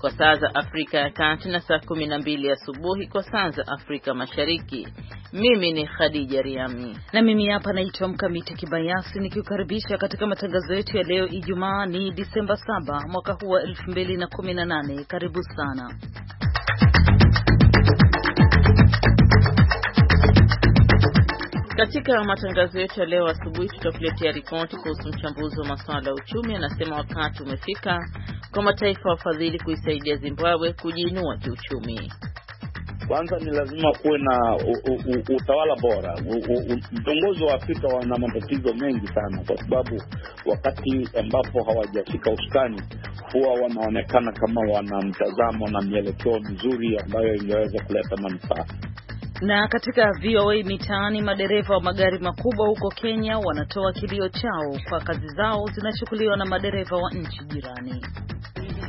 kwa saa za Afrika ya Kati na saa 12 asubuhi kwa saa za Afrika Mashariki. Mimi ni Khadija Riami na mimi hapa naitwa Mkamiti Kibayasi nikiukaribisha katika matangazo yetu ya leo. Ijumaa ni Disemba 7 mwaka huu wa 2018. Karibu sana Katika matangazo yetu ya leo asubuhi tutakuletea ripoti kuhusu mchambuzi wa masuala ya uchumi anasema wakati umefika kwa mataifa wafadhili kuisaidia Zimbabwe kujiinua kiuchumi. Kwanza ni lazima kuwe na utawala bora. Viongozi wa Afrika wana matatizo mengi sana, kwa sababu wakati ambapo hawajafika usukani huwa wanaonekana kama wana mtazamo na mielekeo mizuri ambayo ingeweza kuleta manufaa. Na katika VOA Mitaani, madereva wa magari makubwa huko Kenya wanatoa kilio chao kwa kazi zao zinachukuliwa na madereva wa nchi jirani.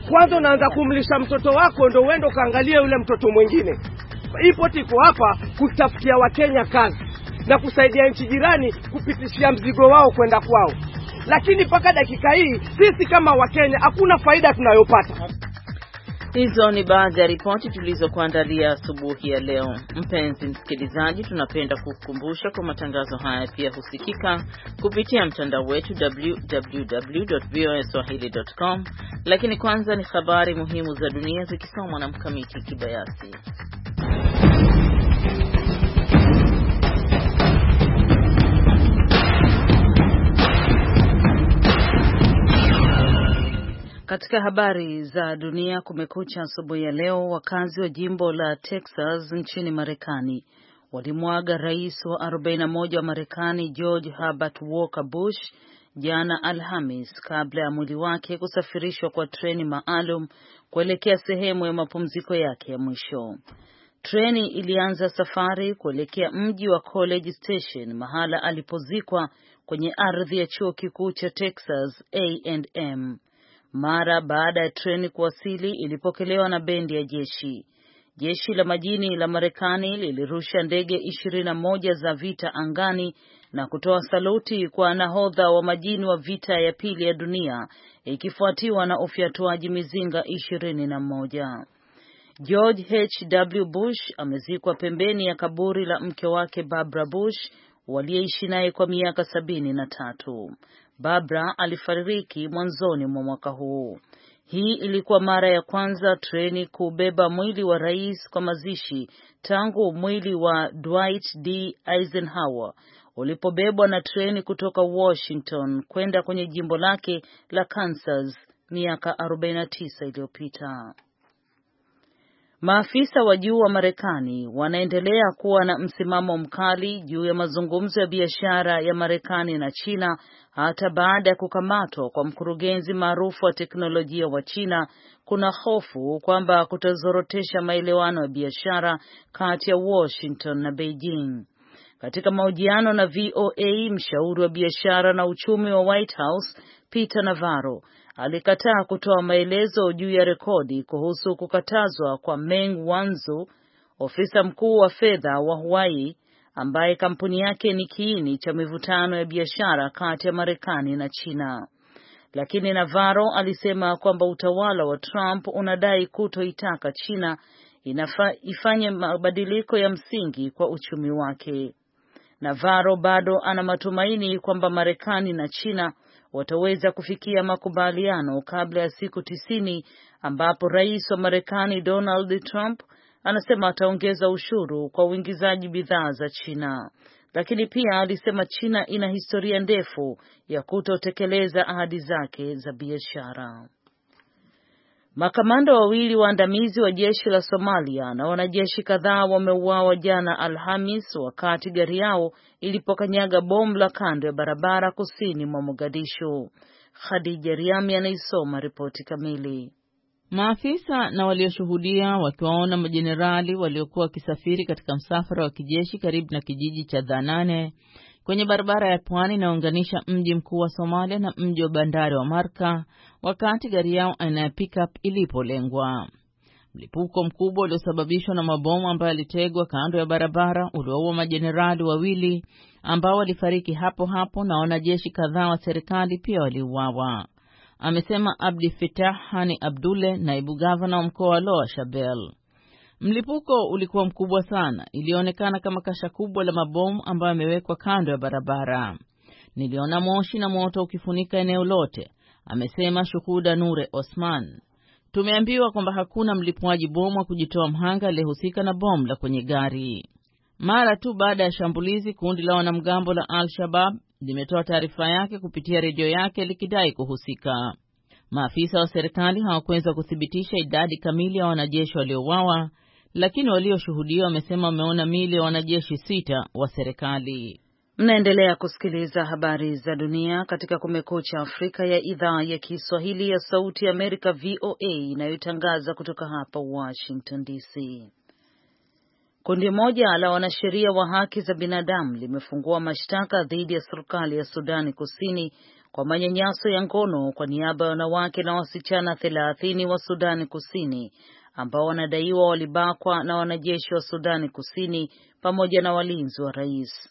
Kwanza unaanza kumlisha mtoto wako, ndo uende ukaangalia yule mtoto mwingine. Ipoti iko hapa kutafutia Wakenya kazi na kusaidia nchi jirani kupitishia mzigo wao kwenda kwao, lakini mpaka dakika hii sisi kama Wakenya hakuna faida tunayopata. Hizo ni baadhi ya ripoti tulizokuandalia asubuhi ya leo. Mpenzi msikilizaji, tunapenda kukukumbusha kwa matangazo haya pia husikika kupitia mtandao wetu www.voaswahili.com. Lakini kwanza ni habari muhimu za dunia zikisomwa na Mkamiti Kibayasi. Katika habari za dunia, kumekucha asubuhi ya leo, wakazi wa jimbo la Texas nchini Marekani walimwaga rais wa 41 wa Marekani George Herbert Walker Bush jana Alhamis kabla ya mwili wake kusafirishwa kwa treni maalum kuelekea sehemu ya mapumziko yake ya mwisho. Treni ilianza safari kuelekea mji wa College Station, mahala alipozikwa kwenye ardhi ya chuo kikuu cha Texas A&M mara baada ya treni kuwasili ilipokelewa na bendi ya jeshi. Jeshi la majini la Marekani lilirusha ndege ishirini na moja za vita angani na kutoa saluti kwa nahodha wa majini wa vita ya pili ya dunia ikifuatiwa na ufyatuaji mizinga ishirini na moja. George H.W. Bush amezikwa pembeni ya kaburi la mke wake Barbara Bush waliyeishi naye kwa miaka sabini na tatu. Babra alifariki mwanzoni mwa mwaka huu. Hii ilikuwa mara ya kwanza treni kubeba mwili wa rais kwa mazishi tangu mwili wa Dwight D. Eisenhower ulipobebwa na treni kutoka Washington kwenda kwenye jimbo lake la Kansas miaka 49 iliyopita. Maafisa wa juu wa Marekani wanaendelea kuwa na msimamo mkali juu ya mazungumzo ya biashara ya Marekani na China hata baada ya kukamatwa kwa mkurugenzi maarufu wa teknolojia wa China. Kuna hofu kwamba kutazorotesha maelewano ya biashara kati ya Washington na Beijing. Katika mahojiano na VOA, mshauri wa biashara na uchumi wa White House Peter Navarro alikataa kutoa maelezo juu ya rekodi kuhusu kukatazwa kwa Meng Wanzhou, ofisa mkuu wa fedha wa Hawaii ambaye kampuni yake ni kiini cha mivutano ya biashara kati ya Marekani na China. Lakini Navarro alisema kwamba utawala wa Trump unadai kutoitaka China inafaa ifanye mabadiliko ya msingi kwa uchumi wake. Navarro bado ana matumaini kwamba Marekani na China wataweza kufikia makubaliano kabla ya siku tisini ambapo rais wa Marekani Donald Trump anasema ataongeza ushuru kwa uingizaji bidhaa za China, lakini pia alisema China ina historia ndefu ya kutotekeleza ahadi zake za biashara. Makamanda wawili waandamizi wa jeshi la Somalia na wanajeshi kadhaa wameuawa jana Alhamis wakati gari yao ilipokanyaga bomu la kando ya barabara kusini mwa Mogadishu. Khadija Riami anaisoma ripoti kamili. Maafisa na walioshuhudia wakiwaona majenerali waliokuwa wakisafiri katika msafara wa kijeshi karibu na kijiji cha Dhanane kwenye barabara ya pwani inayounganisha mji mkuu wa Somalia na mji wa bandari wa Marka wakati gari yao aina ya pickup ilipolengwa. Mlipuko mkubwa uliosababishwa na mabomu ambayo yalitegwa kando ya barabara ulioua majenerali wawili ambao walifariki hapo hapo na wanajeshi kadhaa wa serikali pia waliuawa, amesema Abdi Fitah Hani Abdulle, naibu gavana wa mkoa wa loa Shabelle. Mlipuko ulikuwa mkubwa sana, ilionekana kama kasha kubwa la mabomu ambayo yamewekwa kando ya barabara. Niliona moshi na moto ukifunika eneo lote, amesema shuhuda Nure Osman. Tumeambiwa kwamba hakuna mlipuaji bomu wa kujitoa mhanga aliyehusika na bomu la kwenye gari. Mara tu baada ya shambulizi, kundi la wanamgambo la Al-Shabab limetoa taarifa yake kupitia redio yake likidai kuhusika. Maafisa wa serikali hawakuweza kuthibitisha idadi kamili ya wanajeshi waliouawa lakini walioshuhudia wamesema wameona miili ya wanajeshi sita wa serikali. Mnaendelea kusikiliza habari za dunia katika Kumekucha Afrika ya idhaa ya Kiswahili ya Sauti ya Amerika, VOA, inayotangaza kutoka hapa Washington DC. Kundi moja la wanasheria wa haki za binadamu limefungua mashtaka dhidi ya serikali ya Sudani Kusini kwa manyanyaso ya ngono kwa niaba ya wanawake na wasichana thelathini wa Sudani Kusini ambao wanadaiwa walibakwa na wanajeshi wa Sudani Kusini pamoja na walinzi wa rais.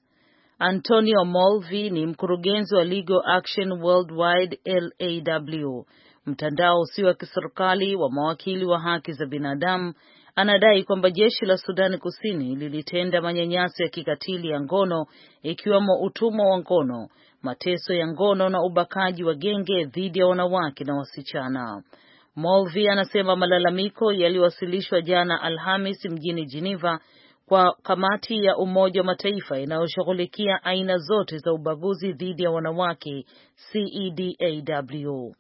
Antonio Molvi ni mkurugenzi wa Legal Action Worldwide LAW, mtandao usio wa kiserikali wa mawakili wa haki za binadamu. Anadai kwamba jeshi la Sudani Kusini lilitenda manyanyaso ya kikatili ya ngono, ikiwemo utumwa wa ngono, mateso ya ngono na ubakaji wa genge dhidi ya wanawake na wasichana. Molvi anasema malalamiko yaliwasilishwa jana Alhamis mjini Geneva kwa kamati ya Umoja wa Mataifa inayoshughulikia aina zote za ubaguzi dhidi ya wanawake CEDAW.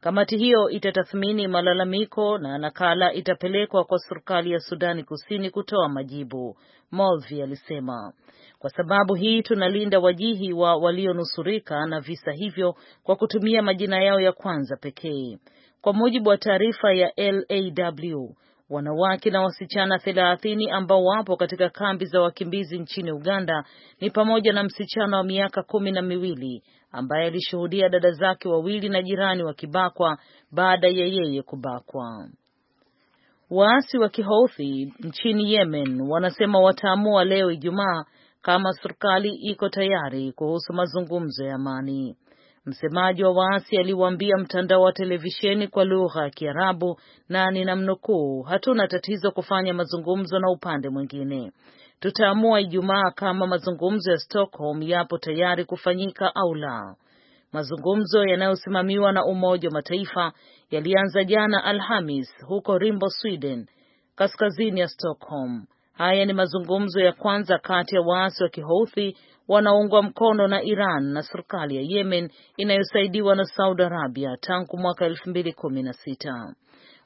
Kamati hiyo itatathmini malalamiko na nakala itapelekwa kwa serikali ya Sudani Kusini kutoa majibu, Molvi alisema. Kwa sababu hii tunalinda wajihi wa walionusurika na visa hivyo kwa kutumia majina yao ya kwanza pekee. Kwa mujibu wa taarifa ya LAW, wanawake na wasichana 30 ambao wapo katika kambi za wakimbizi nchini Uganda ni pamoja na msichana wa miaka kumi na miwili ambaye alishuhudia dada zake wawili na jirani wakibakwa baada ya yeye kubakwa. Waasi wa Kihouthi nchini Yemen wanasema wataamua leo Ijumaa kama serikali iko tayari kuhusu mazungumzo ya amani. Msemaji wa waasi aliwaambia mtandao wa televisheni kwa lugha ya Kiarabu na ninamnukuu, hatuna tatizo kufanya mazungumzo na upande mwingine. Tutaamua Ijumaa kama mazungumzo ya Stockholm yapo tayari kufanyika au la. Mazungumzo yanayosimamiwa na Umoja wa Mataifa yalianza jana Alhamis huko Rimbo, Sweden, kaskazini ya Stockholm. Haya ni mazungumzo ya kwanza kati ya waasi wa Kihouthi wanaoungwa mkono na Iran na serikali ya Yemen inayosaidiwa na Saudi Arabia tangu mwaka 2016.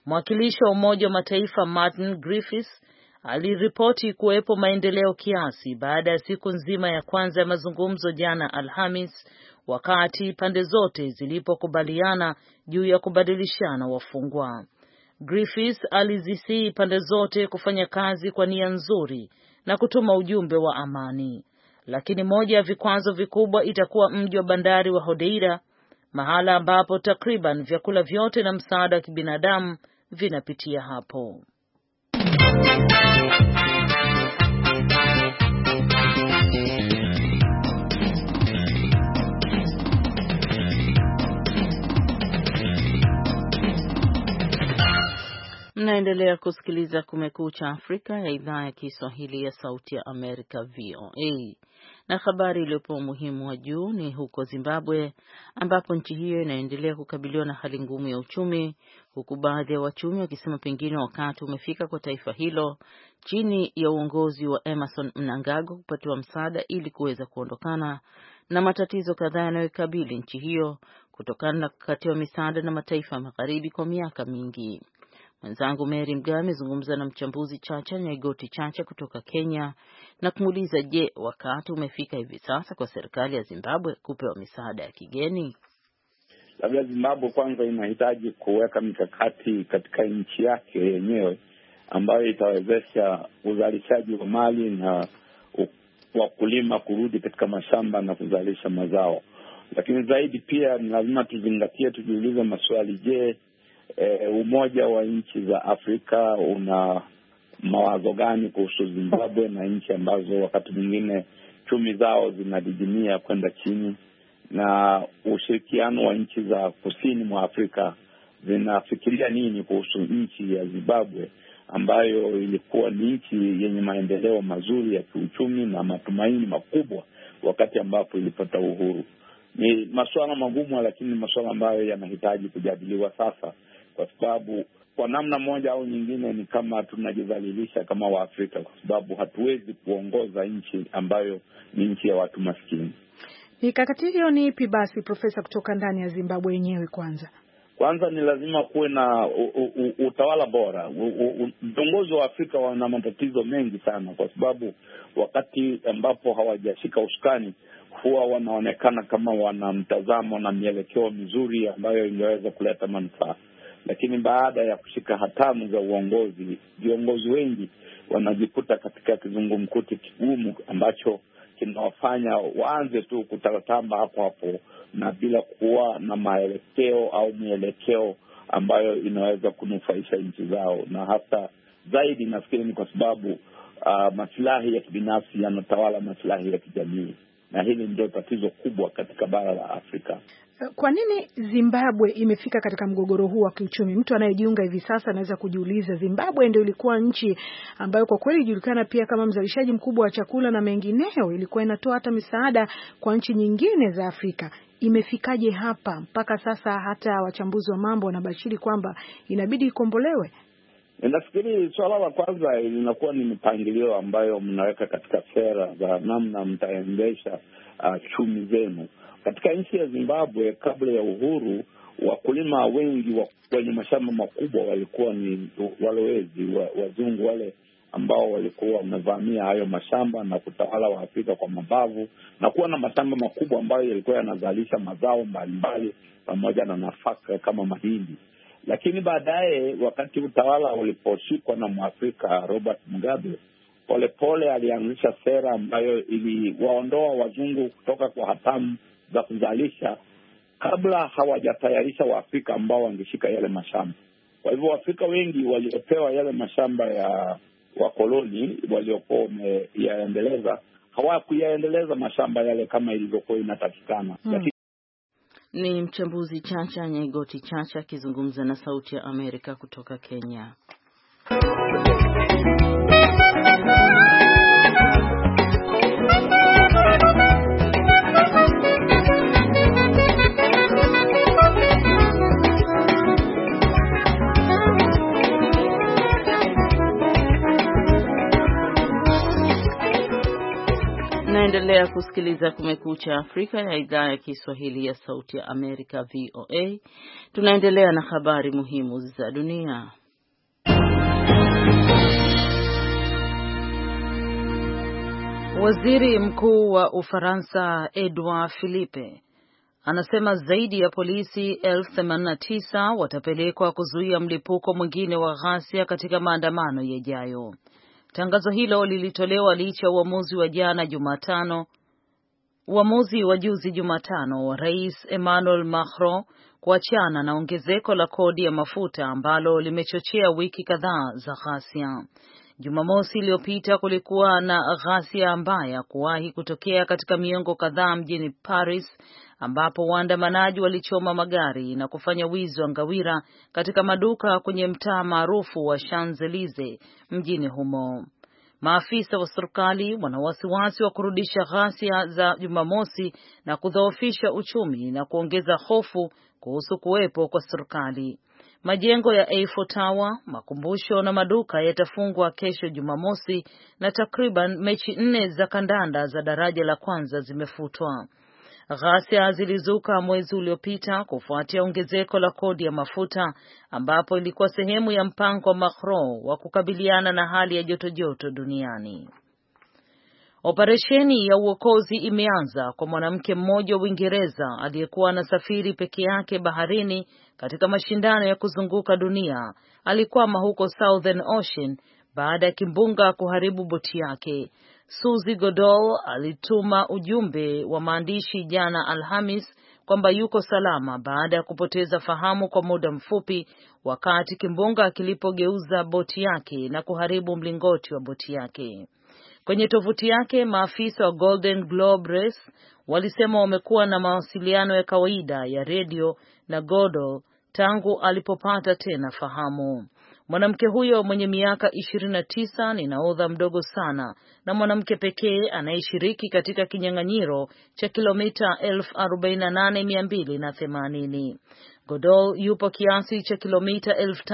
Mwakilishi wa Umoja wa Mataifa Martin Griffiths aliripoti kuwepo maendeleo kiasi baada ya siku nzima ya kwanza ya mazungumzo jana Alhamis, wakati pande zote zilipokubaliana juu ya kubadilishana wafungwa. Griffiths alizisihi pande zote kufanya kazi kwa nia nzuri na kutuma ujumbe wa amani lakini moja ya vikwazo vikubwa itakuwa mji wa bandari wa hodeira mahala ambapo takriban vyakula vyote na msaada wa kibinadamu vinapitia hapo. Mnaendelea kusikiliza Kumekucha Afrika ya idhaa ya Kiswahili ya Sauti ya Amerika, VOA. Na habari iliyopewa umuhimu wa juu ni huko Zimbabwe, ambapo nchi hiyo inaendelea kukabiliwa na hali ngumu ya uchumi, huku baadhi ya wachumi wakisema pengine wakati umefika kwa taifa hilo chini ya uongozi wa Emerson Mnangagwa kupatiwa msaada ili kuweza kuondokana na matatizo kadhaa yanayoikabili nchi hiyo kutokana na kukatiwa misaada na mataifa ya magharibi kwa miaka mingi. Mwenzangu Mary Mgawe amezungumza na mchambuzi Chacha Nyaigoti Chacha kutoka Kenya na kumuuliza, je, wakati umefika hivi sasa kwa serikali ya Zimbabwe kupewa misaada ya kigeni? Labda Zimbabwe kwanza inahitaji kuweka mikakati katika nchi yake yenyewe ambayo itawezesha uzalishaji wa mali na wakulima kurudi katika mashamba na kuzalisha mazao. Lakini zaidi pia ni lazima tuzingatie, tujiulize maswali. Je, e, Umoja wa Nchi za Afrika una mawazo gani kuhusu Zimbabwe na nchi ambazo wakati mwingine chumi zao zinadidimia kwenda chini na ushirikiano wa nchi za kusini mwa Afrika zinafikiria nini kuhusu nchi ya Zimbabwe ambayo ilikuwa ni nchi yenye maendeleo mazuri ya kiuchumi na matumaini makubwa wakati ambapo ilipata uhuru. Ni masuala magumu, lakini ni masuala ambayo yanahitaji kujadiliwa sasa, kwa sababu kwa namna moja au nyingine ni kama tunajidhalilisha kama Waafrika, kwa sababu hatuwezi kuongoza nchi ambayo ni nchi ya watu maskini. Mikakati hiyo ni ipi basi, Profesa, kutoka ndani ya Zimbabwe yenyewe? Kwanza kwanza ni lazima kuwe na utawala bora. Viongozi wa Afrika wana matatizo mengi sana, kwa sababu wakati ambapo hawajashika usukani huwa wanaonekana kama wana mtazamo na mielekeo mizuri ambayo ingeweza kuleta manufaa lakini baada ya kushika hatamu za uongozi, viongozi wengi wanajikuta katika kizungumkuti kigumu ambacho kinawafanya waanze tu kutaratamba hapo hapo na bila kuwa na maelekeo au mielekeo ambayo inaweza kunufaisha nchi zao, na hasa zaidi nafikiri ni kwa sababu uh, ah, masilahi ya kibinafsi yanatawala masilahi ya kijamii na hili ndio tatizo kubwa katika bara la Afrika. Kwa nini Zimbabwe imefika katika mgogoro huu wa kiuchumi? Mtu anayejiunga hivi sasa anaweza kujiuliza, Zimbabwe ndio ilikuwa nchi ambayo kwa kweli ilijulikana pia kama mzalishaji mkubwa wa chakula na mengineo, ilikuwa inatoa hata misaada kwa nchi nyingine za Afrika. Imefikaje hapa mpaka sasa? Hata wachambuzi wa mambo wanabashiri kwamba inabidi ikombolewe. Nafikiri suala la kwanza linakuwa ni mipangilio ambayo mnaweka katika sera za namna mtaendesha uh, chumi zenu katika nchi ya Zimbabwe kabla ya uhuru, wakulima wengi wenye mashamba makubwa walikuwa ni walowezi wazungu wale ambao walikuwa wamevamia hayo mashamba na kutawala Waafrika kwa mabavu na kuwa na mashamba makubwa ambayo yalikuwa yanazalisha mazao mbalimbali pamoja na nafaka kama mahindi. Lakini baadaye wakati utawala uliposhikwa na Mwafrika Robert Mugabe, polepole alianzisha sera ambayo iliwaondoa wazungu kutoka kwa hatamu za kuzalisha kabla hawajatayarisha Waafrika ambao wangeshika yale mashamba. Kwa hivyo Waafrika wengi waliopewa yale mashamba ya wakoloni waliokuwa wameyaendeleza hawakuyaendeleza mashamba yale kama ilivyokuwa inatakikana. hmm. Ni mchambuzi Chacha Nyaigoti Chacha akizungumza na Sauti ya Amerika kutoka Kenya. Naendelea kusikiliza Kumekucha Afrika ya idhaa ya Kiswahili ya Sauti ya Amerika, VOA. Tunaendelea na habari muhimu za dunia. Waziri Mkuu wa Ufaransa Edouard Philippe anasema zaidi ya polisi elfu themanini na tisa watapelekwa kuzuia mlipuko mwingine wa ghasia katika maandamano yajayo. Tangazo hilo lilitolewa licha ya uamuzi wa jana Jumatano, uamuzi wa juzi Jumatano wa Rais Emmanuel Macron kuachana na ongezeko la kodi ya mafuta ambalo limechochea wiki kadhaa za ghasia. Jumamosi iliyopita kulikuwa na ghasia mbaya kuwahi kutokea katika miongo kadhaa mjini Paris ambapo waandamanaji walichoma magari na kufanya wizi wa ngawira katika maduka kwenye mtaa maarufu wa Shanzelize mjini humo. Maafisa wa serikali wana wasiwasi wa kurudisha ghasia za Jumamosi na kudhoofisha uchumi na kuongeza hofu kuhusu kuwepo kwa serikali. Majengo ya A4 Tower, makumbusho na maduka yatafungwa kesho Jumamosi na takriban mechi nne za kandanda za daraja la kwanza zimefutwa. Ghasia zilizuka mwezi uliopita kufuatia ongezeko la kodi ya mafuta ambapo ilikuwa sehemu ya mpango wa Macron wa kukabiliana na hali ya jotojoto duniani. Operesheni ya uokozi imeanza kwa mwanamke mmoja wa Uingereza aliyekuwa anasafiri peke yake baharini katika mashindano ya kuzunguka dunia. Alikwama huko Southern Ocean baada ya kimbunga kuharibu boti yake Suzi Godol alituma ujumbe wa maandishi jana Alhamis kwamba yuko salama baada ya kupoteza fahamu kwa muda mfupi wakati kimbunga kilipogeuza boti yake na kuharibu mlingoti wa boti yake. Kwenye tovuti yake, maafisa wa Golden Globe Race walisema wamekuwa na mawasiliano ya kawaida ya redio na Godol tangu alipopata tena fahamu. Mwanamke huyo mwenye miaka 29 ni naodha mdogo sana na mwanamke pekee anayeshiriki katika kinyang'anyiro cha kilomita elfu na Godol yupo kiasi cha kilomita elfu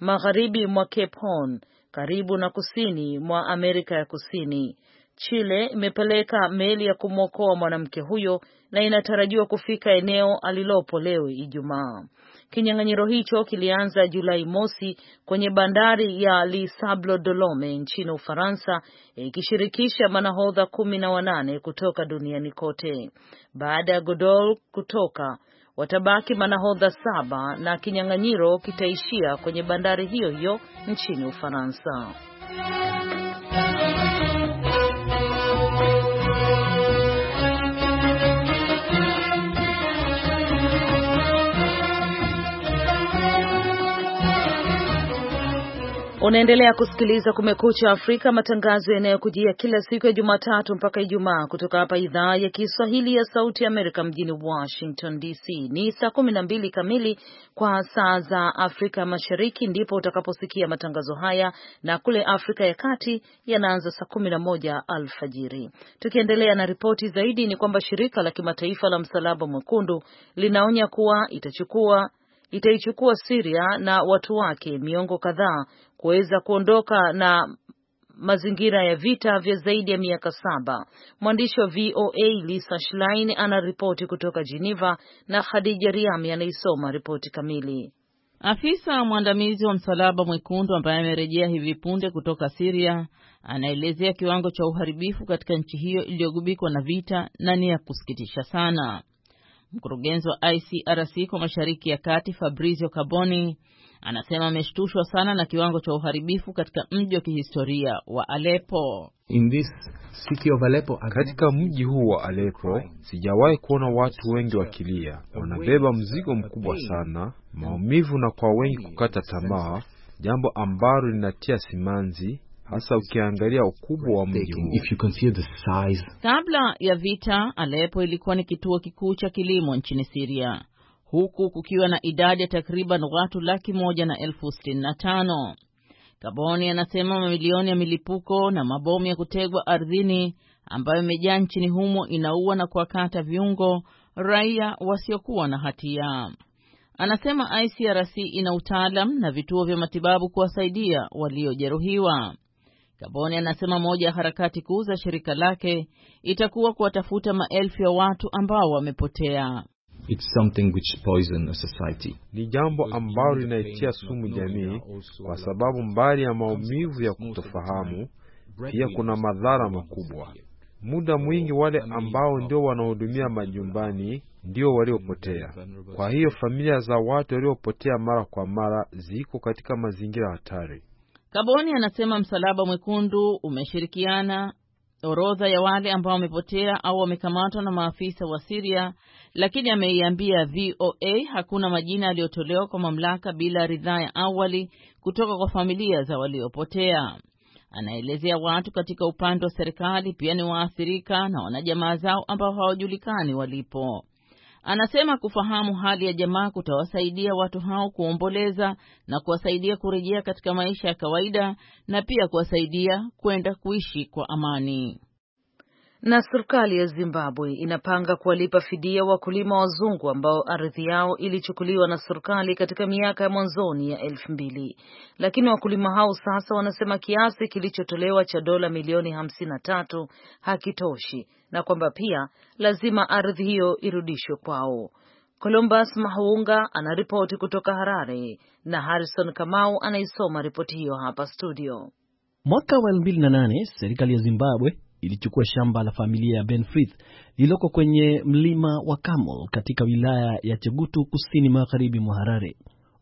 magharibi mwa Cape Horn, karibu na kusini mwa Amerika ya Kusini. Chile imepeleka meli ya kumwokoa mwanamke huyo na inatarajiwa kufika eneo alilopo leo Ijumaa. Kinyang'anyiro hicho kilianza Julai mosi kwenye bandari ya Lisablo Dolome nchini Ufaransa, ikishirikisha manahodha kumi na wanane kutoka duniani kote. Baada ya Godol kutoka watabaki manahodha saba na kinyang'anyiro kitaishia kwenye bandari hiyo hiyo nchini Ufaransa. Unaendelea kusikiliza Kumekucha Afrika, matangazo yanayokujia kila siku ya Jumatatu mpaka Ijumaa kutoka hapa idhaa ya Kiswahili ya Sauti Amerika mjini Washington DC. Ni saa kumi na mbili kamili kwa saa za Afrika Mashariki, ndipo utakaposikia matangazo haya, na kule Afrika ya Kati yanaanza saa kumi na moja alfajiri. Tukiendelea na ripoti zaidi, ni kwamba shirika la kimataifa la Msalaba Mwekundu linaonya kuwa itachukua itaichukua Siria na watu wake miongo kadhaa kuweza kuondoka na mazingira ya vita vya zaidi ya miaka saba. Mwandishi wa VOA Lisa Schlein anaripoti kutoka Geneva na Khadija Riami anaisoma ripoti kamili. Afisa mwandamizi wa Msalaba Mwekundu ambaye amerejea hivi punde kutoka Siria anaelezea kiwango cha uharibifu katika nchi hiyo iliyogubikwa na vita na ni ya kusikitisha sana. Mkurugenzi wa ICRC kwa Mashariki ya Kati Fabrizio Carboni Anasema ameshtushwa sana na kiwango cha uharibifu katika mji wa kihistoria wa Aleppo. In this city of Aleppo, katika mji huu wa Aleppo sijawahi kuona watu wengi wakilia, wanabeba mzigo mkubwa sana, maumivu na kwa wengi kukata tamaa, jambo ambalo linatia simanzi hasa ukiangalia ukubwa wa mji Kabla ya vita, Aleppo ilikuwa ni kituo kikuu cha kilimo nchini Syria huku kukiwa na idadi ya takriban watu laki moja na elfu sitini na tano. Kaboni anasema mamilioni ya milipuko na mabomu ya kutegwa ardhini ambayo imejaa nchini humo inaua na kuwakata viungo raia wasiokuwa na hatia. Anasema ICRC ina utaalam na vituo vya matibabu kuwasaidia waliojeruhiwa. Kaboni anasema moja ya harakati kuu za shirika lake itakuwa kuwatafuta maelfu ya watu ambao wamepotea. It's something which poison a society. Ni jambo ambalo linaitia sumu jamii, kwa sababu mbali ya maumivu ya kutofahamu, pia kuna madhara makubwa. Muda mwingi wale ambao ndio wanahudumia majumbani ndio waliopotea. Kwa hiyo familia za watu waliopotea mara kwa mara ziko katika mazingira hatari. Kaboni anasema Msalaba Mwekundu umeshirikiana orodha ya wale ambao wamepotea au wamekamatwa na maafisa wa Siria lakini ameiambia VOA hakuna majina yaliyotolewa kwa mamlaka bila ridhaa ya awali kutoka kwa familia za waliopotea. Anaelezea watu katika upande wa serikali pia ni waathirika na wanajamaa zao ambao hawajulikani walipo. Anasema kufahamu hali ya jamaa kutawasaidia watu hao kuomboleza na kuwasaidia kurejea katika maisha ya kawaida na pia kuwasaidia kwenda kuishi kwa amani. Na serikali ya Zimbabwe inapanga kuwalipa fidia wakulima wazungu ambao ardhi yao ilichukuliwa na serikali katika miaka ya mwanzoni ya elfu mbili, lakini wakulima hao sasa wanasema kiasi kilichotolewa cha dola milioni hamsini na tatu hakitoshi na kwamba pia lazima ardhi hiyo irudishwe kwao. Columbus Mahunga anaripoti kutoka Harare na Harrison Kamau anaisoma ripoti hiyo hapa studio. Mwaka wa 2008 serikali ya Zimbabwe ilichukua shamba la familia ya Benfrith lililoko kwenye mlima wa Carmel katika wilaya ya Chegutu kusini magharibi mwa Harare.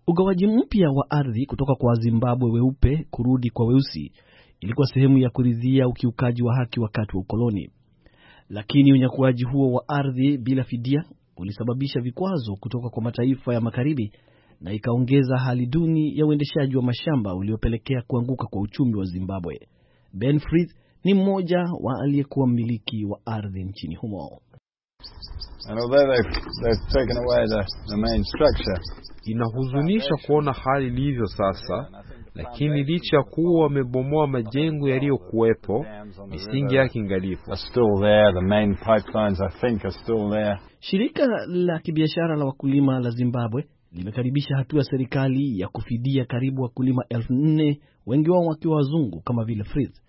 Ugawaji mpya wa ardhi kutoka kwa Zimbabwe weupe kurudi kwa weusi ilikuwa sehemu ya kuridhia ukiukaji wa haki wakati wa ukoloni, lakini unyakuaji huo wa ardhi bila fidia ulisababisha vikwazo kutoka kwa mataifa ya magharibi na ikaongeza hali duni ya uendeshaji wa mashamba uliopelekea kuanguka kwa uchumi wa Zimbabwe. Benfrith ni mmoja wa aliyekuwa mmiliki wa ardhi nchini humo. Inahuzunisha kuona hali ilivyo sasa, lakini licha ya kuwa wamebomoa majengo yaliyokuwepo, misingi yake ingalipo. Shirika la kibiashara la wakulima la Zimbabwe limekaribisha hatua ya serikali ya kufidia karibu wakulima elfu nne wengi wao wakiwa wazungu kama vile Fritz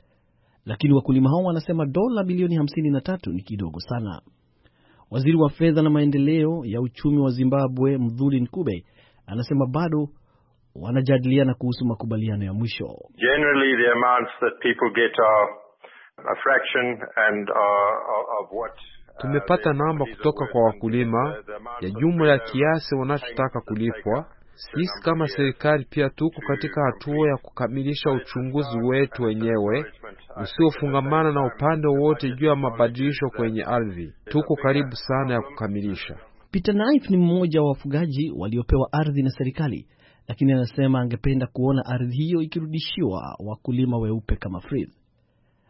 lakini wakulima hao wanasema dola bilioni 53 ni kidogo sana. Waziri wa fedha na maendeleo ya uchumi wa Zimbabwe, Mdhuli Nkube, anasema bado wanajadiliana kuhusu makubaliano ya mwisho. Uh, Tumepata namba kutoka kwa wakulima ya jumla ya kiasi wanachotaka kulipwa sisi kama serikali pia tuko katika hatua ya kukamilisha uchunguzi wetu wenyewe usiofungamana na upande wowote juu ya mabadilisho kwenye ardhi. Tuko karibu sana ya kukamilisha. Peter Knife ni mmoja wa wafugaji waliopewa ardhi na serikali, lakini anasema angependa kuona ardhi hiyo ikirudishiwa wakulima weupe kama Frith.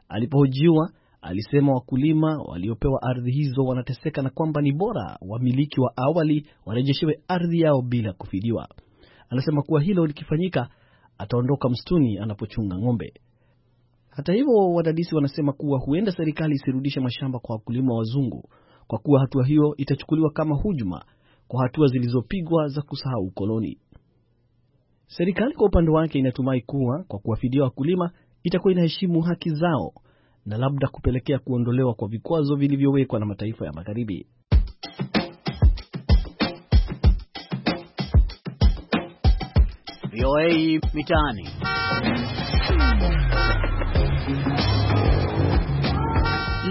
Alipohojiwa Alisema wakulima waliopewa ardhi hizo wanateseka na kwamba ni bora wamiliki wa awali warejeshewe ardhi yao bila kufidiwa. Anasema kuwa hilo likifanyika, ataondoka msituni anapochunga ng'ombe. Hata hivyo, wadadisi wanasema kuwa huenda serikali isirudishe mashamba kwa wakulima wazungu kwa kuwa hatua hiyo itachukuliwa kama hujuma kwa hatua zilizopigwa za kusahau ukoloni. Serikali kwa upande wake inatumai kuwa kwa kuwafidia wakulima itakuwa inaheshimu haki zao na labda kupelekea kuondolewa kwa vikwazo vilivyowekwa na mataifa ya Magharibi. VOA Mitaani.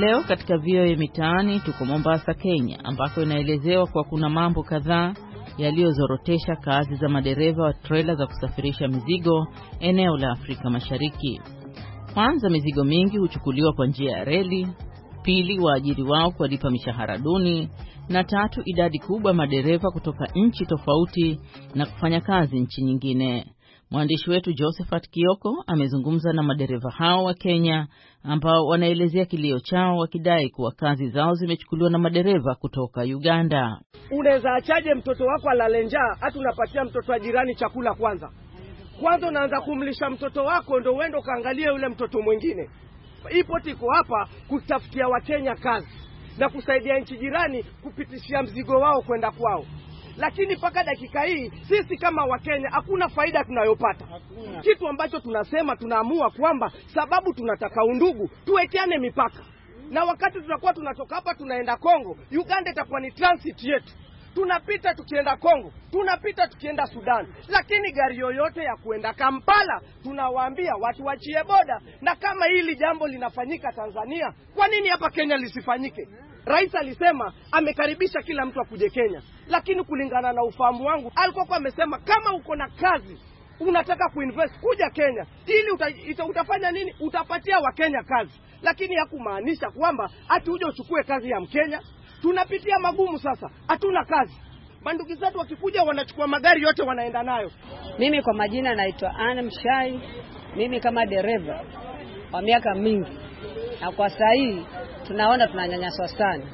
Leo katika VOA Mitaani tuko Mombasa, Kenya, ambako inaelezewa kuwa kuna mambo kadhaa yaliyozorotesha kazi za madereva wa trela za kusafirisha mizigo eneo la Afrika Mashariki. Kwanza, mizigo mingi huchukuliwa kwa njia ya reli. Pili, waajiri wao kuwalipa mishahara duni, na tatu, idadi kubwa ya madereva kutoka nchi tofauti na kufanya kazi nchi nyingine. Mwandishi wetu Josephat Kioko amezungumza na madereva hao wa Kenya ambao wanaelezea kilio chao wakidai kuwa kazi zao zimechukuliwa na madereva kutoka Uganda. Unaweza achaje mtoto wako alale njaa, hata unapatia mtoto wa jirani chakula kwanza? kwanza unaanza kumlisha mtoto wako, ndo uende ukaangalia yule mtoto mwingine. Ipo tiko hapa kutafutia Wakenya kazi na kusaidia nchi jirani kupitishia mzigo wao kwenda kwao, lakini mpaka dakika hii sisi kama Wakenya hakuna faida tunayopata hakuna. Kitu ambacho tunasema tunaamua kwamba sababu tunataka undugu, tuwekeane mipaka na wakati tunakuwa tunatoka hapa tunaenda Kongo, Uganda itakuwa ni transit yetu tunapita tukienda Kongo, tunapita tukienda Sudan, lakini gari yoyote ya kuenda Kampala tunawaambia watu wachie boda. Na kama hili jambo linafanyika Tanzania, kwa nini hapa Kenya lisifanyike? Rais alisema amekaribisha kila mtu akuje Kenya, lakini kulingana na ufahamu wangu alikuwa amesema kama uko na kazi unataka kuinvest kuja Kenya ili uta, ita, utafanya nini? Utapatia Wakenya kazi, lakini hakumaanisha kwamba hati uje uchukue kazi ya Mkenya Tunapitia magumu sasa, hatuna kazi. Mandugu zetu wakikuja wanachukua magari yote wanaenda nayo. Mimi kwa majina naitwa Anne Mshai, mimi kama dereva kwa miaka mingi, na kwa saa hii tunaona tunanyanyaswa sana.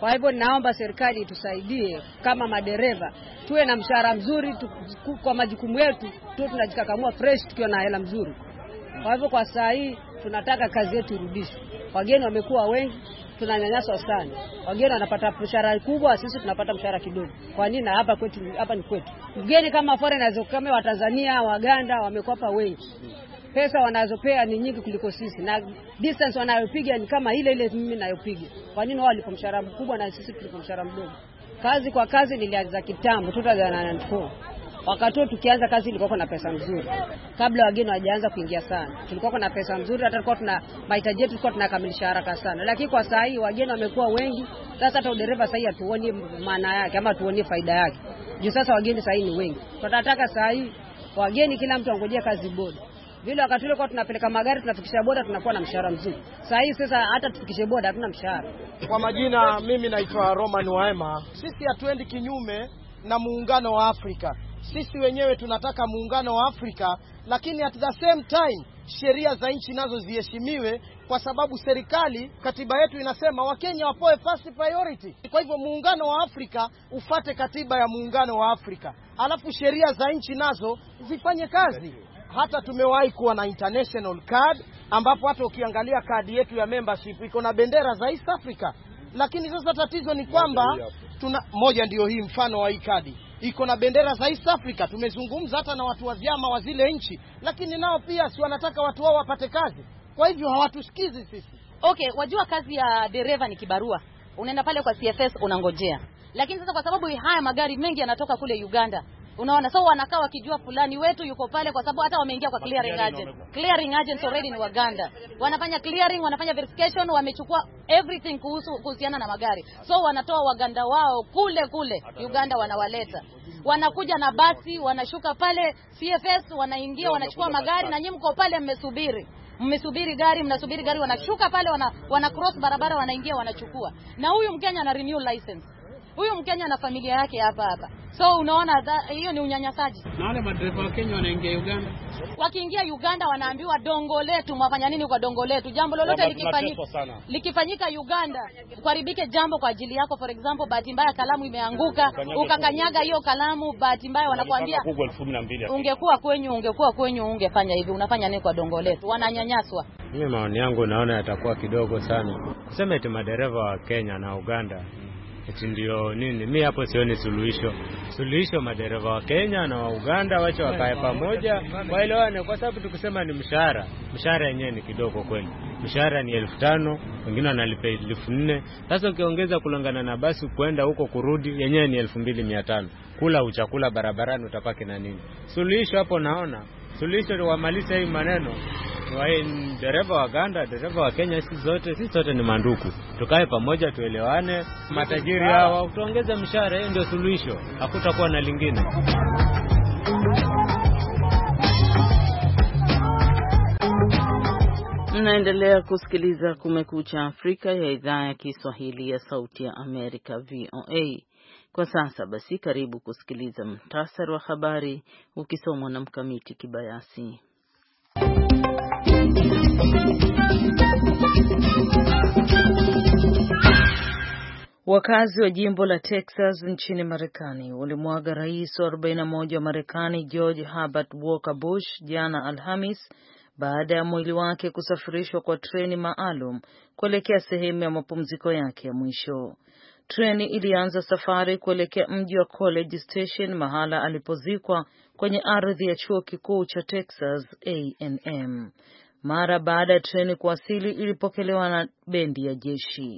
Kwa hivyo naomba serikali itusaidie kama madereva, tuwe na mshahara mzuri tu, kwa majukumu yetu tu tunajikakamua fresh tukiwa na hela mzuri. Kwa hivyo kwa saa hii tunataka kazi yetu irudishwe. Wageni wamekuwa wengi, tunanyanyaswa sana. Wageni wanapata mshahara kubwa, sisi tunapata mshahara kidogo. Kwa nini? Na hapa kwetu, hapa ni kwetu. Mgeni kama foreigners kama Watanzania, Waganda wamekwapa wengi pesa wanazopea ni nyingi kuliko sisi, na distance wanayopiga ni kama ile ile mimi nayopiga. Kwa nini wao walipo mshahara mkubwa na sisi tulipo mshahara mdogo? Kazi kwa kazi nilianza kitambo 2004 Wakati huo tukianza kazi ilikuwa na pesa mzuri, kabla wageni hawajaanza kuingia sana, tulikuwa na pesa nzuri, hata tulikuwa tuna mahitaji yetu tulikuwa tunakamilisha haraka sana, lakini kwa saa hii wageni wamekuwa wengi. Sasa hata udereva saa hii hatuoni maana yake ama hatuoni faida yake, juu sasa wageni saa hii ni wengi. Tunataka saa hii wageni, kila mtu angojea kazi boda vile wakati ule kwa tunapeleka magari tunafikisha boda tunakuwa na mshahara mzuri. Sasa hii sasa hata tufikishe boda hatuna mshahara. Kwa majina, mimi naitwa Roman Waema. Sisi hatuendi kinyume na muungano wa Afrika sisi wenyewe tunataka muungano wa Afrika, lakini at the same time sheria za nchi nazo ziheshimiwe, kwa sababu serikali, katiba yetu inasema Wakenya wapoe first priority. Kwa hivyo muungano wa Afrika ufate katiba ya muungano wa Afrika, alafu sheria za nchi nazo zifanye kazi. Hata tumewahi kuwa na international card, ambapo hata ukiangalia kadi yetu ya membership iko na bendera za East Africa, lakini sasa tatizo ni kwamba tuna moja, ndio hii mfano wa hii kadi iko na bendera za East Africa. Tumezungumza hata na watu wa vyama wa zile nchi, lakini nao pia si wanataka watu wao wapate kazi, kwa hivyo hawatusikizi sisi. Okay, wajua kazi ya dereva ni kibarua, unaenda pale kwa CFS unangojea. Lakini sasa kwa sababu haya magari mengi yanatoka kule Uganda, Unaona, so wanakaa wakijua fulani wetu yuko pale, kwa sababu hata wameingia kwa clearing agent. Clearing agents already ni Waganda, wanafanya clearing, wanafanya verification, wamechukua everything kuhusu kuhusiana na magari, so wanatoa Waganda wao kule kule Uganda, wanawaleta wanakuja na basi, wanashuka pale CFS, wanaingia wanachukua magari, na nyinyi mko pale mmesubiri mmesubiri gari mnasubiri gari, wanashuka pale, wana, wana cross barabara, wanaingia wanachukua. Na huyu Mkenya ana renew license Huyu Mkenya na familia yake hapa hapa, so unaona hiyo ni unyanyasaji. Na wale madereva wa Kenya wanaingia Uganda, wakiingia Uganda wanaambiwa dongo letu, mwafanya nini kwa dongo letu? Jambo lolote likifanyika likifanyika Uganda, kuharibike jambo kwa ajili yako. For example, bahati mbaya kalamu imeanguka, ukakanyaga hiyo kalamu, bahati mbaya wanakuambia ungekuwa kwenyu, ungekuwa kwenyu, ungefanya hivi. Unafanya nini kwa dongo letu? Wananyanyaswa. Mimi maoni yangu naona yatakuwa kidogo sana, kusema eti madereva wa Kenya na Uganda eti ndio nini. Mi hapo sioni suluhisho. Suluhisho madereva wa Kenya na wa Uganda wache wakae pamoja, waelewane, kwa sababu tukisema ni mshahara, mshahara yenyewe ni kidogo kweli. Mshahara ni elfu tano wengine wanalipa elfu nne Sasa ukiongeza kulingana na basi kwenda huko kurudi, yenyewe ni elfu mbili mia tano Kula uchakula barabarani utapaki na nini? Suluhisho hapo naona suluhisho wamalize hii maneno dereva wa ganda dereva wa Kenya, si zote si zote ni manduku, tukae pamoja, tuelewane. Matajiri hawa tuongeze mshahara, hiyo ndio suluhisho, hakutakuwa na lingine. Mnaendelea kusikiliza Kumekucha Afrika ya idhaa ya Kiswahili ya Sauti ya Amerika, VOA. Kwa sasa basi, karibu kusikiliza mtasari wa habari ukisomwa na Mkamiti Kibayasi. Wakazi wa jimbo la Texas nchini Marekani walimwaga rais wa 41 wa Marekani George Herbert Walker Bush jana Alhamis baada ya mwili wake kusafirishwa kwa treni maalum kuelekea sehemu ya mapumziko yake ya mwisho. Treni ilianza safari kuelekea mji wa College Station, mahala alipozikwa kwenye ardhi ya chuo kikuu cha Texas A&M. Mara baada ya treni kuwasili, ilipokelewa na bendi ya jeshi.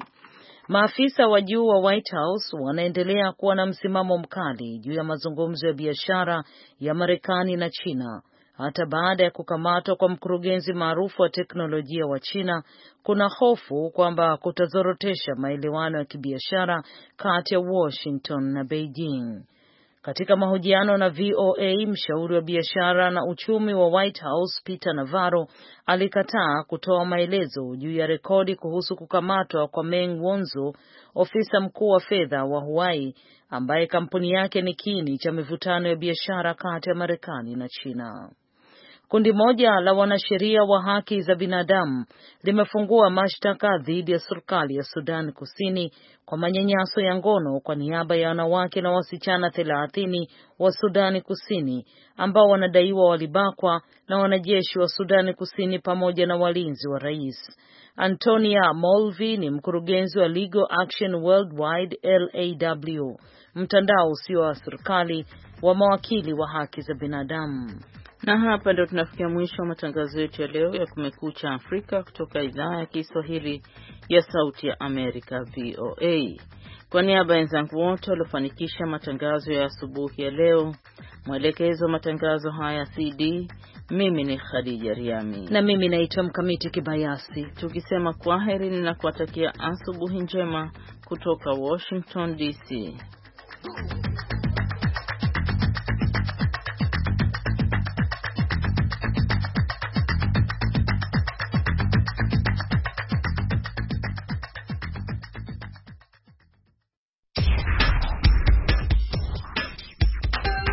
Maafisa wa juu wa White House wanaendelea kuwa na msimamo mkali juu ya mazungumzo ya biashara ya Marekani na China hata baada ya kukamatwa kwa mkurugenzi maarufu wa teknolojia wa China, kuna hofu kwamba kutazorotesha maelewano ya kibiashara kati ya Washington na Beijing. Katika mahojiano na VOA, mshauri wa biashara na uchumi wa White House Peter Navarro alikataa kutoa maelezo juu ya rekodi kuhusu kukamatwa kwa Meng Wanzhou, ofisa mkuu wa fedha wa Huawei ambaye kampuni yake ni kiini cha mivutano ya biashara kati ya Marekani na China. Kundi moja la wanasheria wa haki za binadamu limefungua mashtaka dhidi ya serikali ya Sudan Kusini kwa manyanyaso ya ngono kwa niaba ya wanawake na wasichana thelathini wa Sudani Kusini ambao wanadaiwa walibakwa na wanajeshi wa Sudani Kusini pamoja na walinzi wa rais. Antonia Molvi ni mkurugenzi wa Legal Action Worldwide LAW, mtandao usio wa serikali wa mawakili wa haki za binadamu. Na hapa ndio tunafikia mwisho wa matangazo yetu ya leo ya Kumekucha Afrika kutoka idhaa ya Kiswahili ya Sauti ya Amerika, VOA. Kwa niaba ya wenzangu wote waliofanikisha matangazo ya asubuhi ya leo, mwelekezo wa matangazo haya CD, mimi ni Khadija Riami na mimi naitwa Mkamiti Kibayasi, tukisema kwaheri na kuwatakia asubuhi njema kutoka Washington DC.